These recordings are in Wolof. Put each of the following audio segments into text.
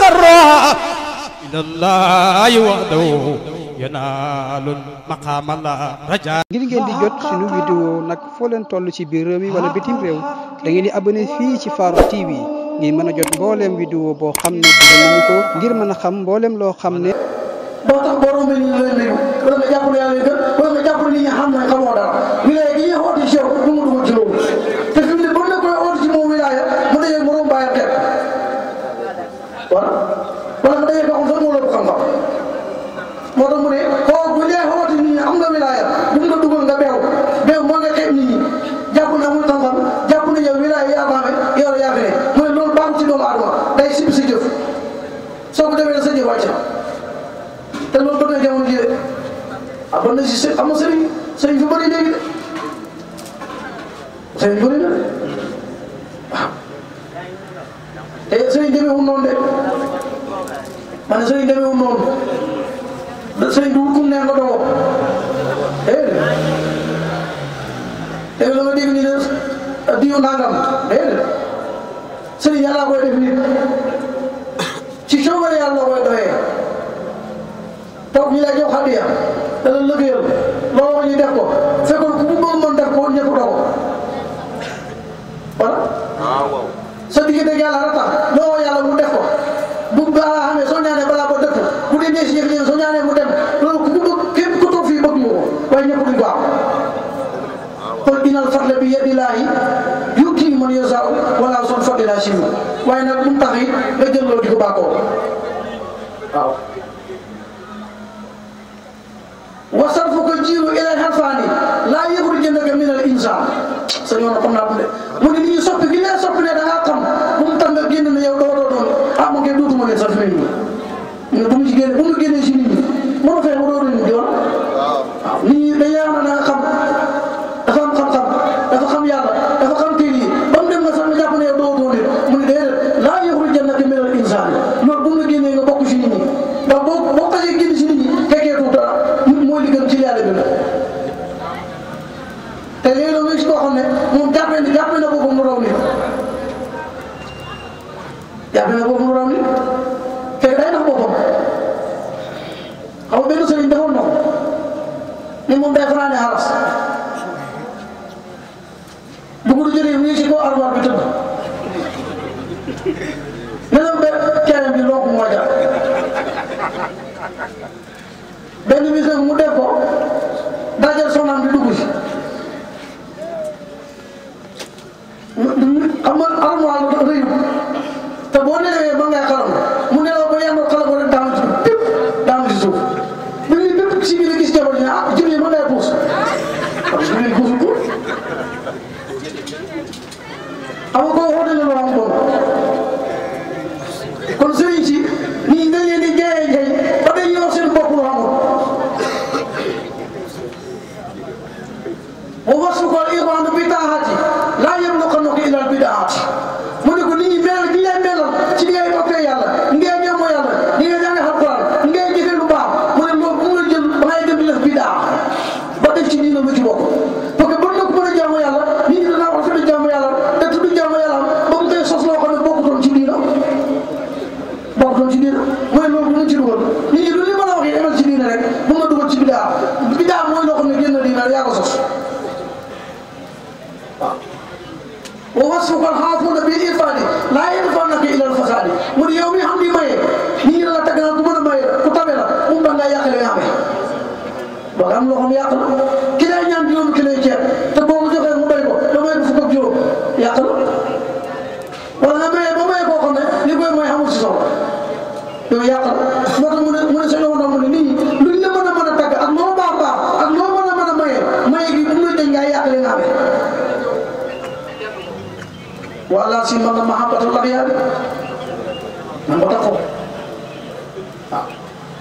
تقرى إلى الله وحده yanaalul maqaama la ngir ngeen di jot suñu vidéo nag fooleen leen toll ci biir réew mi wala bitim réew da ngeen di abonné fii ci Farokh TV ngir mën a jot mbooleem vidéo boo xam ne dinañ ko mën a xam mbooleem loo xam ne wala bu dajee doxul sax moo la xam-xam moo tax mu ne koo bu dee xamante nit ñi am nga wilaaya bu nga dugal nga beew beew moo nga xeeb nit ñi na amul xam-xam na yow wilaaya yaa ko amee yow yaa fi ne mu ne loolu baaxul ci doomu aadama day sib si jëf soo ko demee sa jëf jii de ah ba na si am na sëriñ sëriñ fi bëri léegi te sëriñ demee wu noonu de. ma ne sëriñ demeewul noonu da sëriñ du wutum ne nga dogo déedéet dégg la nga dégg ni ne diw nangam déedéet sëriñ yàlla koy def nit ci coobare yàlla koy doyee toog ñu lay jox xadiya da la lëggéeyal loo wax ñu def ko fekkoon ku mu mën def ko ñëpp dogo voilà ah, sa diggante yàlla rata loo wax yàlla mu def ko bu baax indee si jafe-jafe soo ñaanee mu dem loolu ku ko bëgg képp ku toog fii bëgg nga ko waaye ñëpp duñ ko am kon innal fadla bi yadillaahi yu'tiihi man yashaa wallaahu zul fadli al-aziim waaye nag bu mu tax it nga jël loolu di ko bàkkoo waaw. wasal foo ko jiiru ilay xarfaani laa yëgul jënd ak minal insaan sa yoon xam naa ko de mu ne nit ñi soppi gi leen soppi ne da ngaa xam bu mu tax nga génn ne yow doo doo doon ah man kay dootuma leen sax fi may Türkiye'de şimdi bunu sen bunu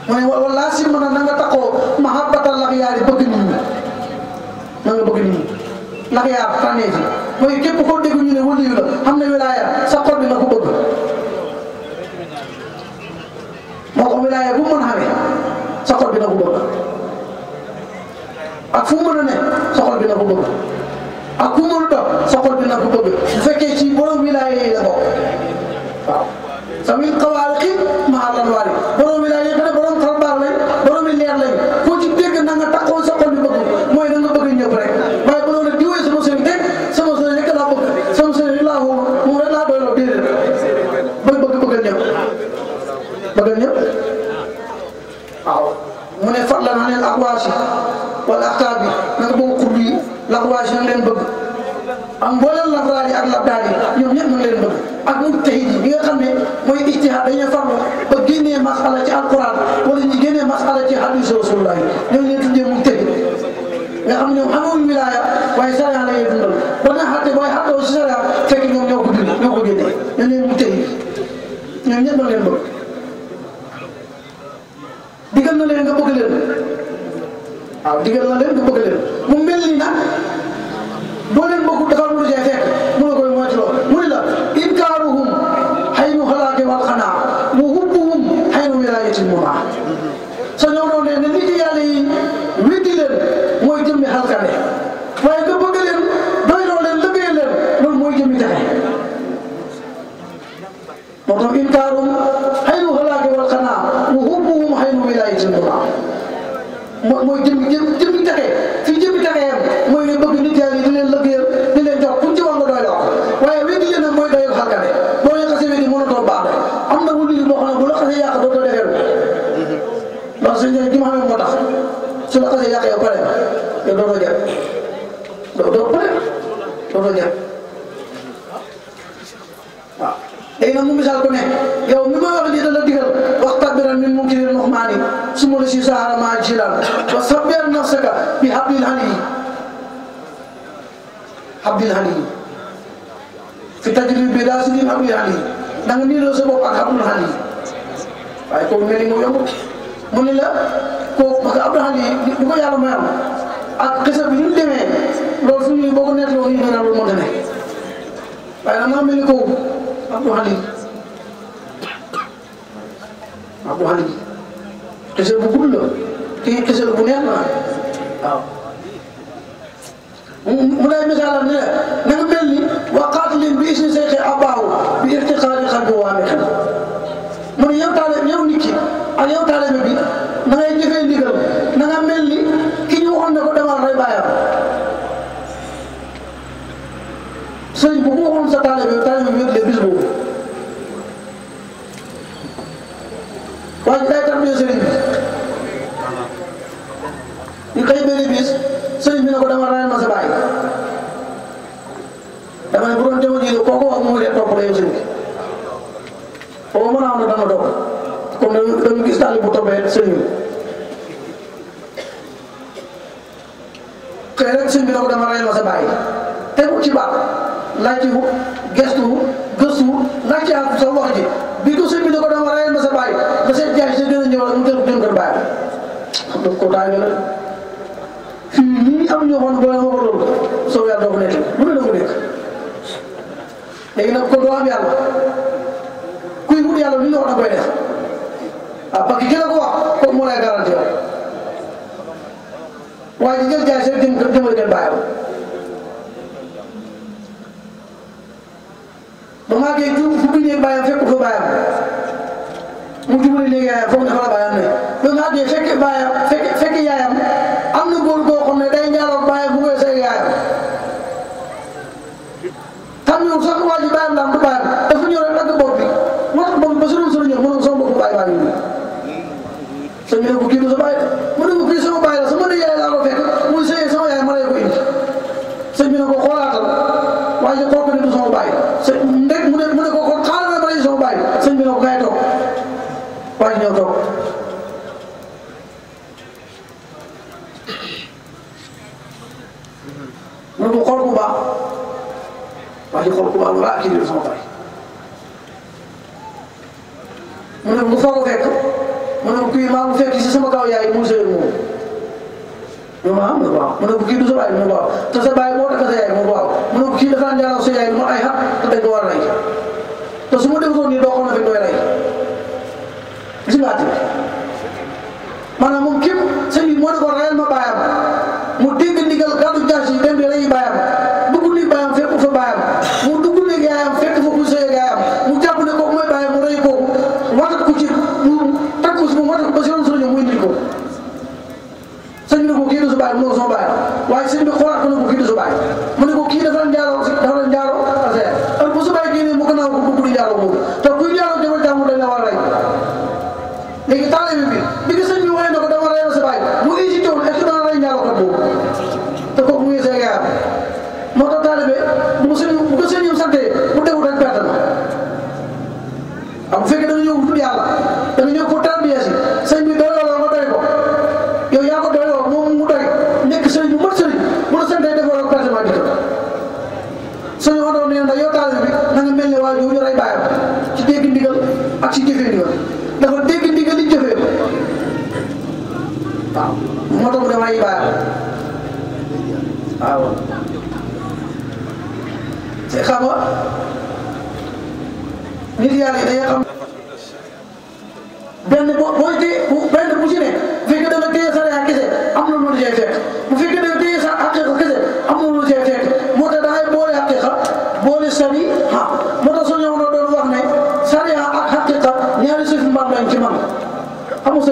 mu ne wala si mën a na nga takkoo mahabbata laxyaar bëgg nit ñi na nga bëgg nit ñi laxyaar tànnee ji képp koo dégg ñu ne wëli yu la xam ne wilaaya sa xol bi ko bëgg moo ko wilaaya bu mën xamee sa xol bi nga ko bëgg ak fu mën a ne sa xol bi nga ko bëgg ak ku mën a dox sa xol bi nga ko bëgg bu fekkee ci borom wilaaya la bokk alxuraan yi ak labdaan yi ñoom ñëpp ñu ngi leen bëgg ak mujtahid yi bi nga xam ne mooy ijtihaad dañuy farlu ba génnee masala ci alxuraan wala ñu génnee masala ci hadiis rasulullah ñoo ngi leen tuddee mujtahid nga xam ne ñoom amoon wilaaya waaye sariya la ñuy dundal ba nga xatte booy xattoo si sariya fekk ñoom ñoo ko dund ñoo ko génnee ñoo leen mujtahid ñoom ñëpp ñu leen bëgg digal na leen nga bëgg leen waaw digal na leen nga bëgg leen mu mel ni nag boo leen bëgg de Ezequiel. Dodo Rajab Dodo apa Dodo Rajab Ay nangu misal ko ne yow mi tidak wax ni dala digal mungkin min mumkinil semua sumul sahara ma jilan wa sabbir nafsaka bi hablil hali hablil hali fi tajrib bi dasidin hablil nang ini lo sebab bop ak hablil hali way ko meli mo yomb mu ni la ko baka mayam ak xisa bi ñu demee loolu fi ñuy boo ko nekk loolu ñu gën a loolu moo demee waaye nag maa mel ni kaw Abdou Khalil Abdou Khalil xisa bu gudd la te xisa bu neex la waaw mu lay misaalam ne na nga mel ni waqaat leen bi isni seexi abaaw bi irtiqaari xam bi waame xam mu ne yow taale yow nit ki ak yow taale bi na ngay jëfee ndigal sëriñ bu mu waxoon sa taalibe bi taalibe bi wér bis bi sëriñ bi ne ko dama raay ma sa baay damay bu doon demoon jiw kooku wax mu ngi topp la yow sëriñ bi na ko dama raay ma sa baay tegu ci baax. laajte wu wu gëstu wu laajte wu sa wax ji bi ko sëñ bi ne ko ba seen jaay sa gën a ñëw la mu gën gën gën bàyyi xam nga fii nii am ñoo ne boo ko nekk lu ko nekk léegi nag kon doo am yàlla kuy wut yàlla ah, la ko wax kooku moo lay garanti waaye di jël Oumar Gueye Diouf bu bindee fekk fa bàyyam mu jubali léegi fekk bàyyam fekk fekk yaayam am na góor goo xam ne day njaaloo bàyyam bu koy seeg yaayam xam ñoom sax waa ji bàyyam daam du bàyyam dafa ñëw rek dagg bopp bi moo tax bopp bi ba soriwul soriwul ñëw mënoon sama bopp bàyyi bàyyi ñu mag ñoo toog mun mu xool bu baax waa ji xool bu baax wala kii bi sama bàyyi mu ne mu foog fekk mu ne kuy maa ngi fekk si sama kaw yaay mu sëy moom ñu ma am na waaw mu ne kii du sa bàyyi mu ne waaw te sa bàyyi moo tax sa yaay mu ne waaw mu ne kii dafa njëriñ sa দিলে আরো yàlla dañuy xam benn bu benn bu ci nekk bu fekkee da nga téye sa yaa kese am na boole àqiqa boole sari ha moo tax soo ñëw na doon sariya ak àqiqa ñaari suuf mbaam lañ ci man amul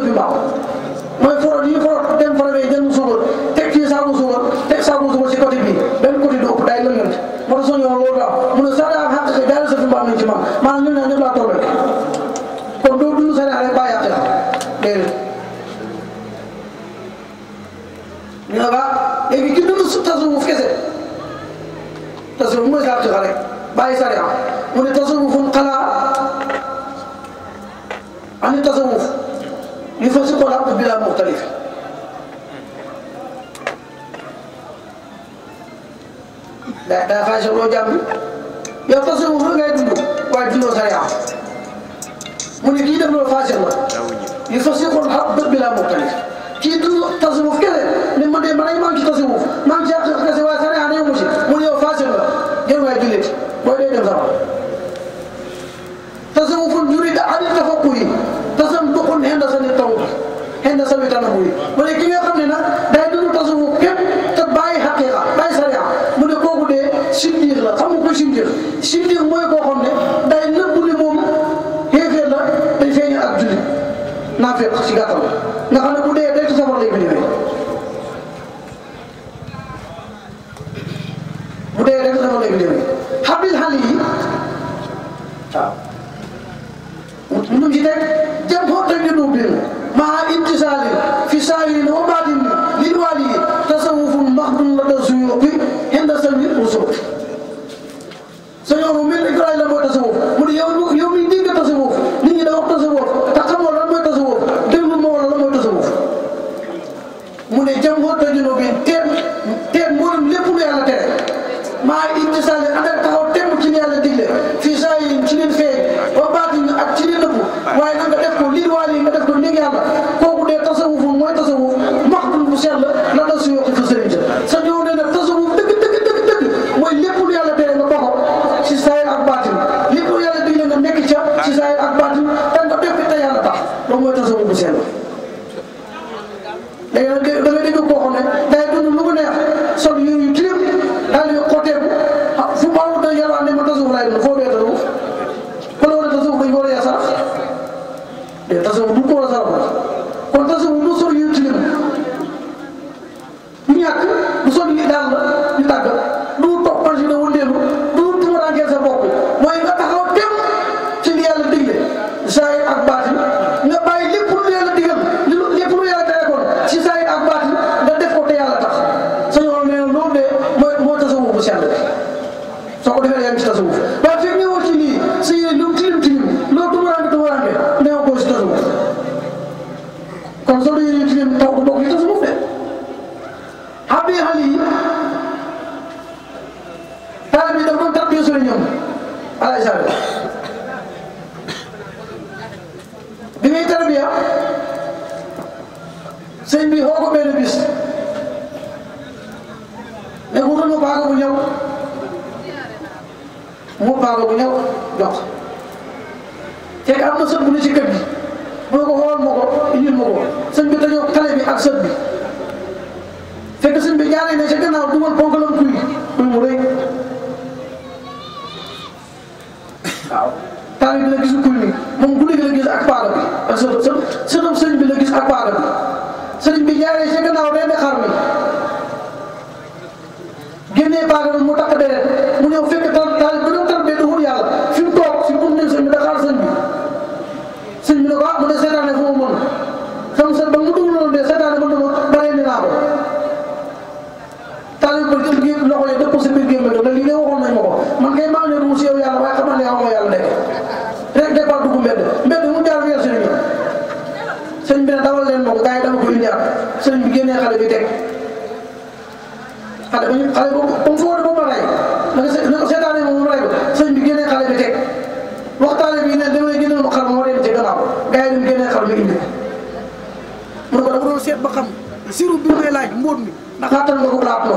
naafeq si gàttal nga xam ne bu dee day ci safar lay mujjee bu dee day ci safar lay mujjee xam nga xale yi look. nekk am na sët bu ne ci kër gi moo ko xool ma ko indil ma ko sëñ bi dañoo xale bi ak sët bi fekk sëñ bi ñaaree ne ca gannaaw dugal ponkalam kuy muy mu rëy waaw taal bi la gisul kuy mi moom guddi gi la gis ak paara bi ak sëtam sëtam sëtam sëñ bi la gis ak paara bi sëñ bi ñaaree ca gannaaw rend xar mi paara mu takk deret mu ñëw fekk ko gars yi ko indi sëñ bi génnee xale bi teg xale bu ñu xale boobu comme foo se na ko seetaanee moom ma rey bi génnee xale bi teg waxtaanee bi ne damay génne ma xar ma war a dem ci gannaaw gars yi dañu génnee mi indi mu ne ko dama doon seet ba xam siru bi may laaj mi ndax attan nga ko laat ko.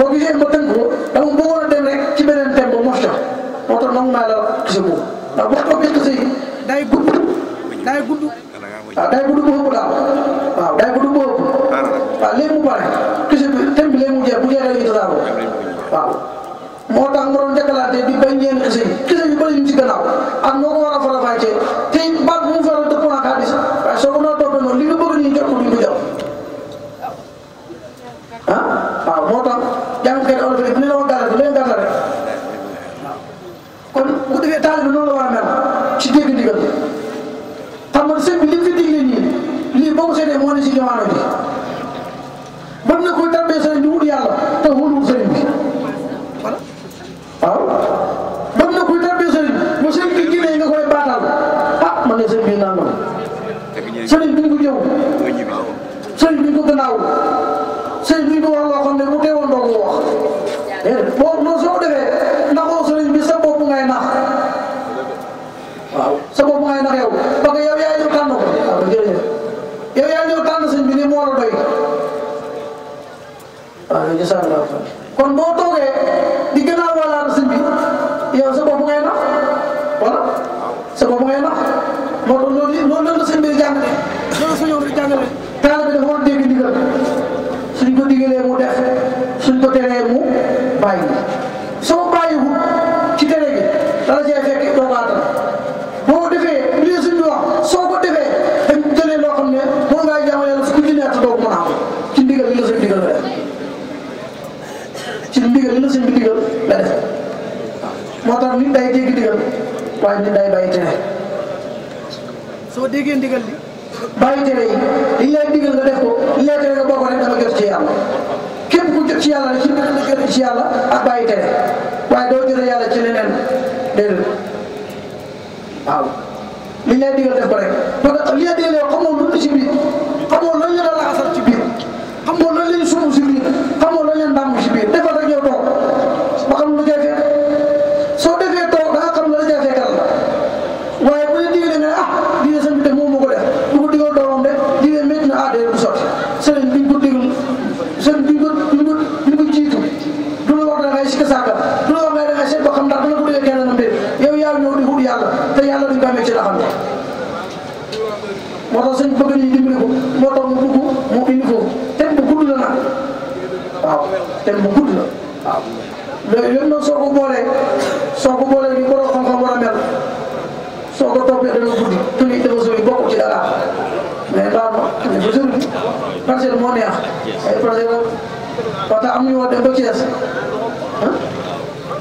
boo gisee ma tënk ko dama bëggoon a ci beneen thème ba mos jox moo tax nangu naa la xisa boobu ndax waxtu bi xisa yi day gudd day gudd waaw ah, day gudd bu ëpp daal waaw day bu ëpp waaw léegi mu pare xisa bi thème waaw moo tax mu doon jàkkalante di bañ ñeen xisa yi xisa yu bëri ñu ak noo ko war a faram-fàccee ko teree mu bàyyi soo ko bàyyiwul ci tere gi dara cee fekk doo baatal boo defee li suñ bi wax soo ko defee dañ jëlee loo xam ne moom ngay jaamu yàlla su ko jëlee at doo ko mën a am ci ndigal li la suñ digal la def ci ndigal li la suñ bi digal la def moo tax nit day dégg digal waaye nit day bàyyi tere soo déggee ndigal li bàyyi tere yi li ñu lay digal nga def ko li ñu lay tere nga bokk rek dama jot ci yàlla. lépp ci yàlla la ci gën ci yàlla ak bàyyi tere waaye doo jëlee yàlla ci leneen déedéet waaw li ñu lay digal def ko rek li ñu lay digal yow xamoo lu ci biir moo tax sëñ bëgg nañu dimbali ko moo tax mu dugg mu indi foofu thème bu la nag waaw thème bu gudd la waaw loolu yëpp soo ko boolee soo ko boolee ni borom xam-xam a mel soo ko toppee dana gudd tuli dafa sori bokk ci dara mais daal ma ne ba sori parcelle moo neex ay projet la parce que am ñu war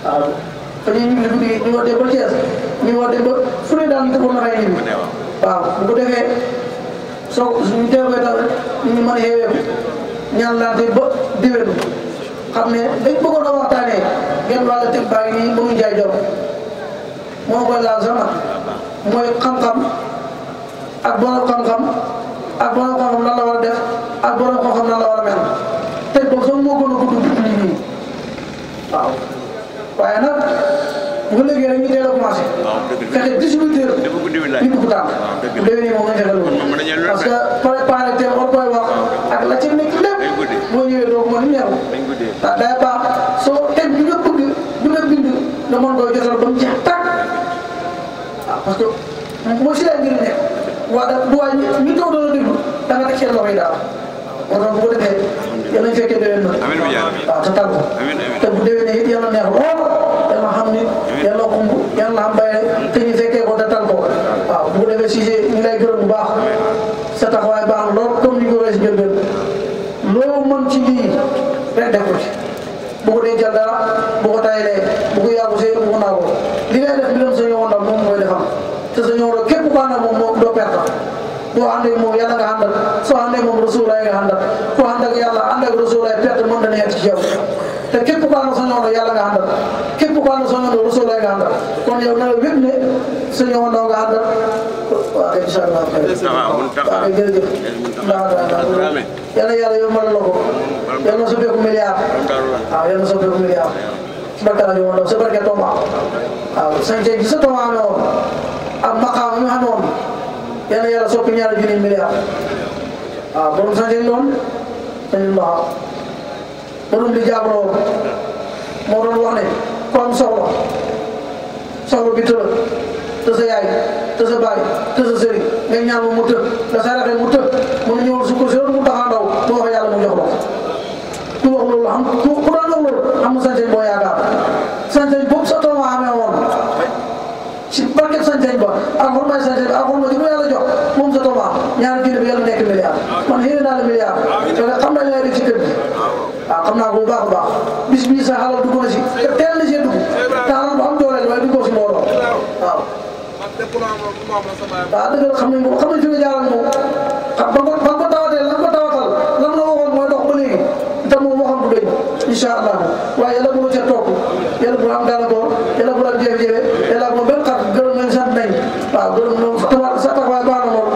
waaw te ñun ñu ngi ñu war dem ba soo suñu teewee dara rek ñu mën a yeeweeku ñaan laa ba déwénu xam ne dañ bëggoon a waxtaanee genn wàllu teg baa ngi nii mu jaay moo koy laal sama mooy xam-xam ak borom xam-xam ak borom xam-xam lan la war a def ak borom xam-xam lan la war a mel teg boobu sax moo gën a gudd lii nii waaw waaye nag. bu ko léegi rek ñu teel a commencé. fexe 18 heures. ñu dugg tànk. bu déwénee moom nga fexe loolu. parce que préparé thème on koy wax ak la ci nekk lépp. boo ñëwee doo ko mën a ñor. ndax day baax soo teg bi nga bëgg bi nga bind nga mën koo jotal ba mu jeex tàkk. waaw parce que mooy si laay ngir nekk. waa da bu waa ñu toog doon déglu da nga teg seen loxo yi daal. kon nag bu ko defee yéen a ngi fekkee déwén na. waaw te tàggu. te bu déwénee it yàlla neex lool. yàlla na xam nit yàlla kumb yàlla na am bayre te ñu fekkee ko datal ko waaw bu ko defee Cissé ñu lay gërëm bu baax sa taxawaay baax na lool comme ni ñu ko waxee si njëlbeen loo mën ci lii rek def ko ci bu ko dencal dara bu ko tayalee bu ko yàggu see bu ko naagoo li ngay def mbiram sa ñëwoon daal moom mooy defam te sa ñëwoon képp ku ànd ak moom moo doo perte boo àndee moom yàlla nga àndal soo àndee moom rasulaay nga àndal ku ànd ak yàlla ànd ak rasulaay perte mën na nekk ci yow te képp ku ànd ak sa ñëwoon yàlla nga àndal ko ko anda soñondo rasulullahi nga andal kono yo nawe webne soñoo ndonga andal waaw inchallah kay ah, waaw kay jërëjëf ndaa ndaa yàlla yàlla yombal la ko yàlla na soppeeku milliard waaw ah, yàlla na soppeeku milliard barkala yo ndaw sa barke Toma waaw sañte gi sa Toma amee woon ak maqaam mi xam woon yàlla yàlla soppi ñaari junni milliard waaw borom sañte noonu dañu ma borom li jaab la woon moo doon wax ne ku am soxla soxla bi tëral te sa yaay te sa baay te sa sëriñ ngay ñaan mu të nga saraxe mu të mu ne ñëwal su ko sëriñ mu taxaa ndaw mu mu jox la ku wax loolu xam ku ku daan wax loolu am na barket sañ-sañ ba ak xormaay sañ-sañ ba ak xorma mu yàlla jox moom sa tooma ñaari junni bi yàlla waaw dëgg la xam nañ ko xam nañ fi nga jaaral moom xam ba ko ba ko tawatee lan ko tawatal lan la waxoon mooy dox ba léegi te moom waxoon du dëgg incha allah waaye yàlla bu ñu ca topp yàlla bu am gàllankoor yàlla bu am jafe-jafe yàlla bu benn xar gërëm nañ sant nañ waaw gërëm nañ sa taxawaay baax na lool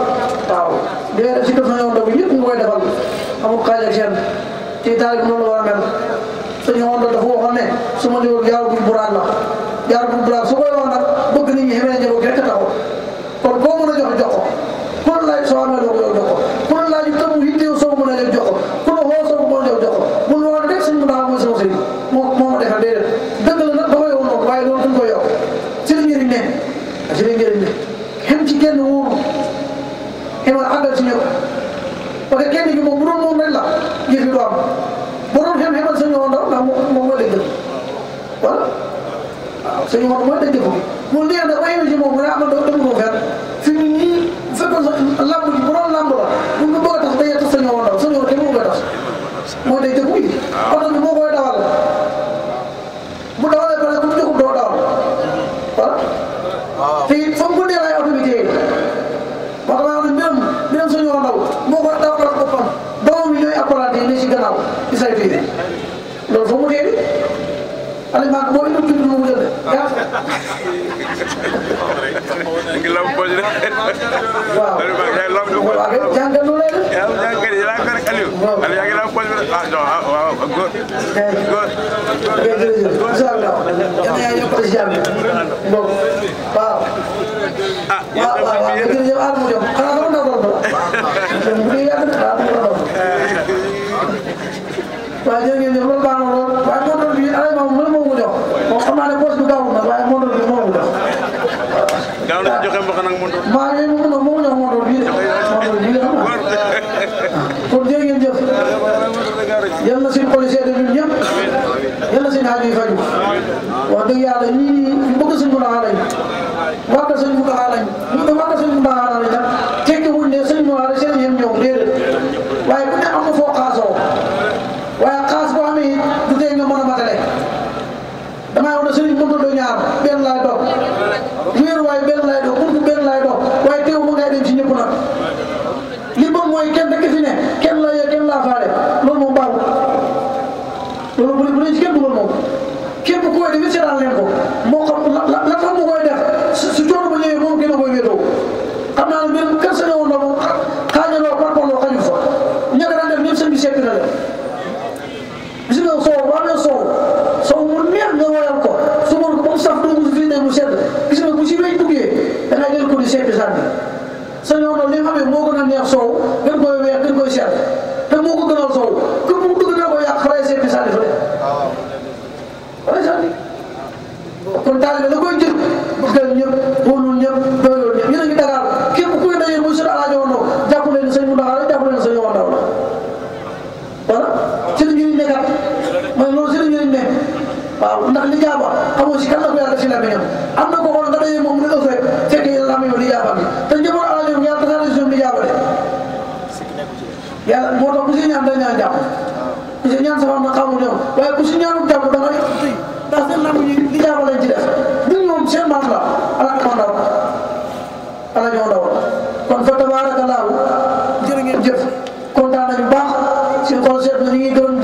waaw di nga def si kër Sëñ Onda bi ñëpp ñu koy defal amul xaaj ak seen ci taal bi noonu la war a mel Sëñ Onda dafa waxoon ne su ma ñëwoon yàlla buñ buraan la jërëjëf incha allah yal na yàlla yokkute si yàlla moom waaw. ah yéen a ngi fi yéen jërëjëf Adama Diop xanaa dama doon doon waaw. bu dee yàgg na waaw dama doon doon waaw jërëjëf loolu baax na Everybody. Gracias. concert na ni ñuy doon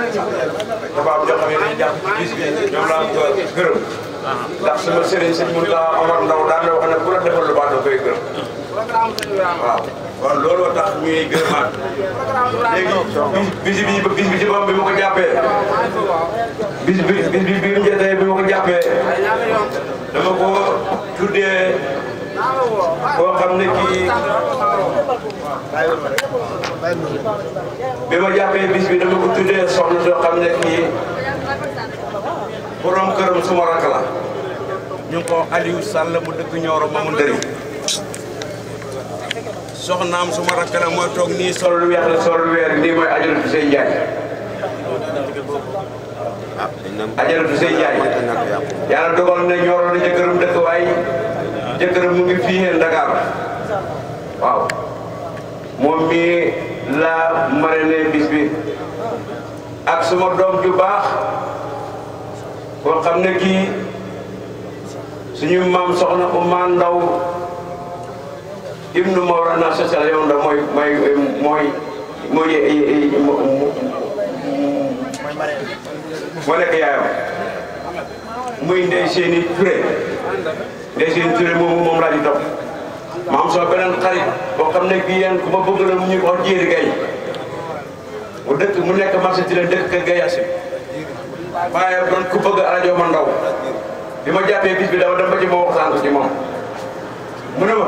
tubaab yoo xam ne dañuy jàpp ci bis bi ñoom laa ko gërëm ndax sama sëriñ sëñ Mountakha Omar Ndao daan na wax ne bu la lu baax da koy waaw kon loolu tax ñuy gërëmaat léegi bis bi bis bi ci boppam bi ma ko jàppee bi bis bi bi mu jotee bi ma ko jàppee ko tuddee koo xam kii bi ma bis bi dama ko tuddee soxna soo xam ne borom këram suma rakk la ñu ko Aliou Sall mu dëkk Nioro moomu ndëri soxnaam suma rakk la mooy toog nii sol lu weex la sol lu dogal na dëkk mu ngi Dakar moom mii laa marraine bis bi ak suma doom ju baax koo xam ne kii suñu mam soxna Oumar Ndaw ibnu Mawlana social yow ndax mooy mooy mooy mooy moo nekk yaayam muy Ndeye Séni Touré Ndeye Séni Touré moomu moom laa di ma am sama beneen xarit boo xam ne bii yéen ku ma bëgg la mu ñuy wax jiiri mu dëkk mu nekk marché ci leen dëkk kër gay asim waaye doon ku bëgg rajo ma ndaw bi ma jàppee bis bi dama dem ba ci ma waxtaan ko ci moom mu ne ma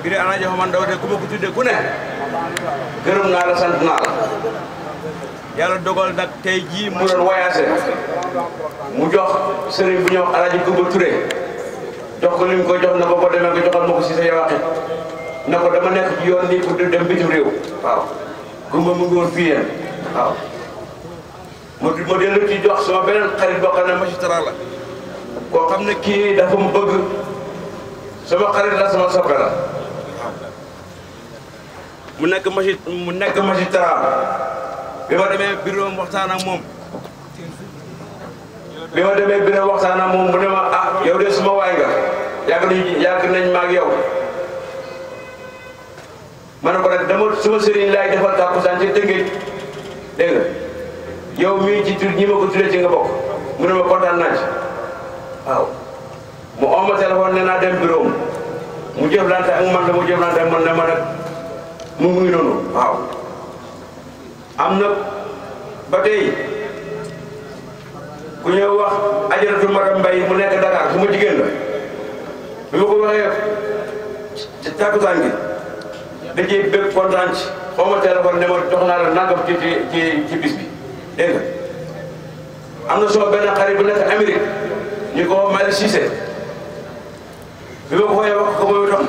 mbiri rajo ma de ku ma ko tuddee ku ne gërëm naa la sant naa la yàlla dogal nag tey jii mu doon voyagé mu jox sëriñ bu ñuy wax Alaaji Gumba Touré jox ko lim ko jox na ko boo demee nga joxal ma ko si sa yowaqi na dama nek ci yoon ni pour dem bitim rew waaw gumba mu ngor fiye waaw mo di mo delu ci jox sama benen xarit boo xam ne magistrat la ko xamne ki dafa mu bëgg sama xarit la sama soppe la mu ma ci mu nekk magistrat bi ma demee bureau waxtaan ak moom bi ma demé bureau waxtaan ak moom mu ne ma ah yow ya de suma waay nga yàgg nañ yàgg nañ ma ak yow ma ne ko nag dama sama sëriñ laay defal tàkkusaan ci tëngéej dégg yow mii jiit tur ñi ma ko tuddee ci nga bokk mu ne ma kontaan naa ci waaw mu oma téléphone naa dem bureau mu jëflante ak man la mu jëflante ak man ne ma nag mu ngi noonu am na ba tey ku ñëw wax ajaratu madam mbay mu nekk dara su ma jigéen la waxee ci takkusaan gi da ciy bëgg kontaan ci xaw ma téléphone ne ma jox naa la nangam ci ci bis bi dégg am na sama benn xarit bu nekk Amérique ñu ko wax Malick Cissé bi ma ko fayee wax ko mooy dox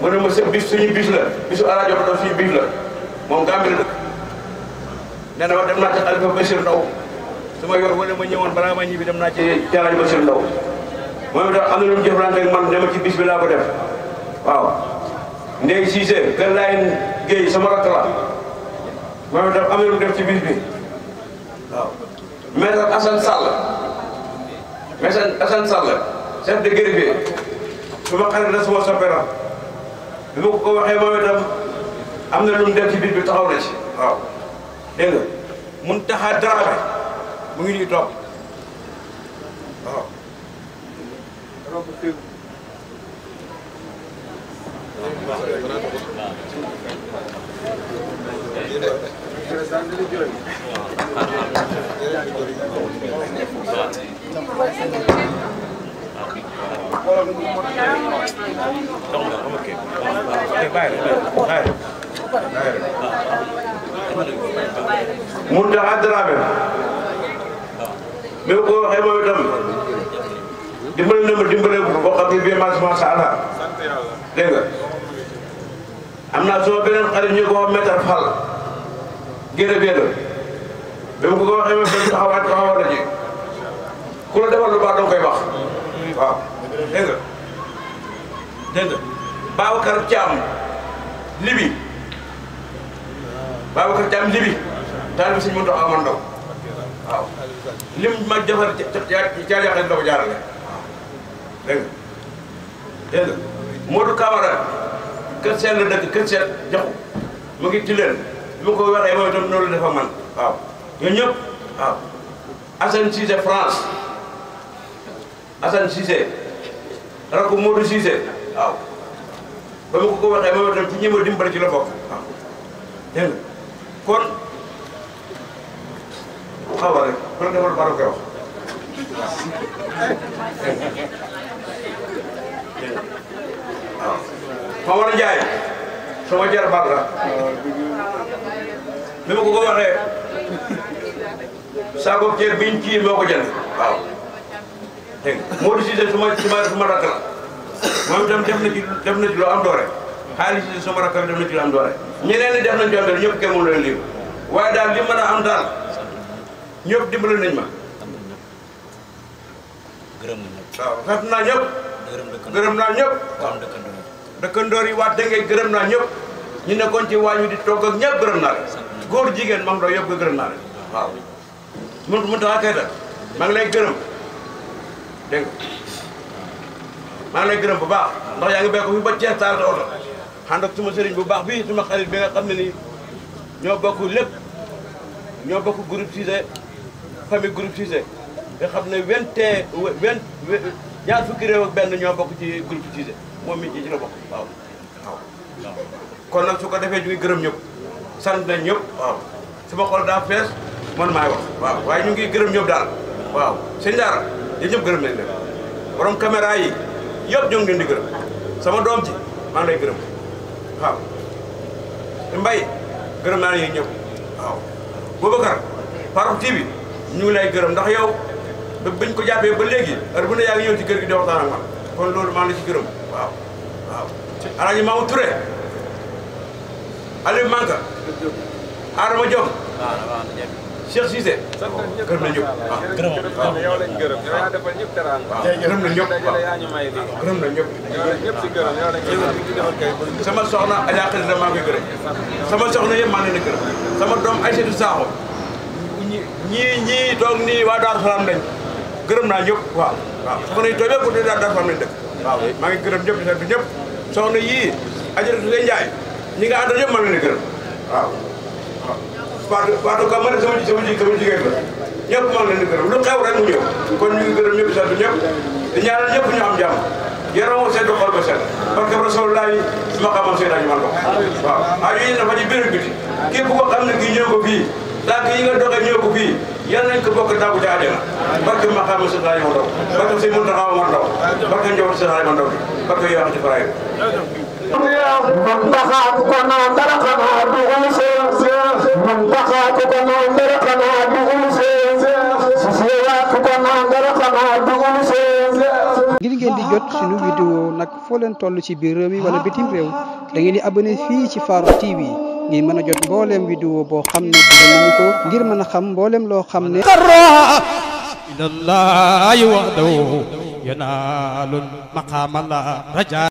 mu ma sa bis suñu bis la bisu alaajo doon suñu bis la moom Gambie la nee na ma dem naa ci Alifa Bachir Ndaw su ma yor wala ma ñëwoon balaa ma ñibbi dem naa ci Jaalaji Bachir Ndaw moom itam am na lu mu jëflante ak man dem ci bis bi laa ko def waaw ndéegi Cissé kër Laayeen Guèye am na lu mu def ci bis bi waaw maître Assane Sall maître Assane Sall chef de greffier su ma xarit la suma soppe la bi ma ko waxee moom itam am na lu mu def ci bis bi taxaw na ci waaw dégg nga mun taxaa dara mu ngi ñuy topp proprio più. Interessante regione. Muntaha Dramé. Mais ko waxee mooy itam dimbal na ma dimbalé ko bo ne bi maa ma sa ala dégg nga am naa suma xarit ñu ko wax fal gëre bee bi mu ko waxee ma fa taxawaat taxawaat ji ku la defal lu ba danga koy wax waaw dégg nga dégg nga Babacar Thiam libi Babacar Thiam libi dal bi señ mu ndox amoon ndaw waaw lim ma jafar ca ca ca ca jaarale dégg nga dégg nga Modou kër seen dëkk kër seen jaxu mu ngi tileen bi ma ko waxee moom itam noonu dafa man waaw ñoo ñëpp waaw Assane Cissé France Assane Cissé rakk Modou Cissé waaw ba ma ko ko waxee moom itam ci ñëma dimbali ci la bokk waaw dégg nga kon xaw ma rek kon defal baro koy wax waaw Mawar Ndiaye sama jarbaat la bi ma ko ko waxee saako ceeb biñ kii moo ko jënd waaw dégg nga moo di Cissé suma suma suma rakk la moom itam def na ci def na am doore xaalis si suma rakk bi def am doore ñeneen ñi def nañ ci am doore ñëpp kenn mënu lii waaye daal li mën a am daal ñëpp dimbali nañ ma gërëm na gërëm naa ñëpp dëkkandoor yi waa Dengey gërëm naa ñëpp ñu nekkoon ci waañu di togg ak ñëpp naa leen góor jigéen mam doo yëpp nga naa leen waaw mun mun taxa kay tak maa ngi lay gërëm dégg nga maa baax ndax yaa ngi béy ko fi ba Cees taal oto ak suma sëriñ bu baax bi suma xarit bi nga xam ne nii ñoo bokk lépp ñoo bokk groupe Cissé famille groupe Cissé xam ne vingt et vingt ñaan fukki benn ñoo bokk ci groupe Cissé moom mii ci ci bokk waaw kon nag su ko defee ñu gërëm ñëpp sant nañ ñëpp waaw sama xol daa fees man maay wax waaw waaye ñu ngi gërëm ñëpp daal waaw sëñ Daara yéen gërëm nañ leen borom caméra yi yëpp ñoo ngi leen gërëm sama doom ji maa ngi lay gërëm waaw Mbaye gërëm naa ne yéen ñëpp waaw Boubacar Farokh TV ñu ngi lay gërëm ndax yow ba ko jappé ba légui heure bu ne yaa ngi ñëw ci kër gi di waxtaan ak man kon loolu ma ngi la ci gërëm waaw waaw alaaji Maamu Touré Aliou Manka Adama Diom Cheikh Cissé gërëm na ñëpp waaw gërëm na gërëm na ñëpp gërëm na ñëpp sama soxna Adja Khadija maa ngi gërëm sama soxna yëpp maa ngi gërëm sama doom Aïssatou Sakho ñii ñii doog nii waa Daaru Salaam lañ gërëm naa ñëpp waaw waaw soxna ah. yi tooy lépp di daal daal fa am nañ dëkk waaw ah, maa ngi gërëm yii ajaratu lay njaay ñi nga àndal ñëpp mën leen gërëm waaw ah. Fatou Fatou Ka ma ne sama sama ji sama jigéen la ñëpp mën leen gërëm lu xew rek mu ñëw kon ñu ngi gërëm ñëpp di sant ñëpp di ñaanal ñëpp ñu am jàmm seen xol ba seen parce que rasulullah yi suma xamam seen añu man ko waaw a yooyu dafa ci biir biti képp ko xam ne kii ñëw ko fii tànk nga doxee ñëw yal nañ ko bokk daagu ca àjjana barke maqaama Sëñ Aliou Ndaw barke Sëñ Muntaxa Umar Ndaw barke njaboot Sëñ Aliou Ndaw ngeen di jot suñu vidéo nag foo leen toll ci biir réew mi wala bitim réew da ngeen di fii ci Farokh TV ngir mën a jot mbooleem vidéo boo xam ne dugal nañu ko ngir mën a xam mbooleem loo xam ne qara ilallahi wahdahu yanaalul maqaama la raja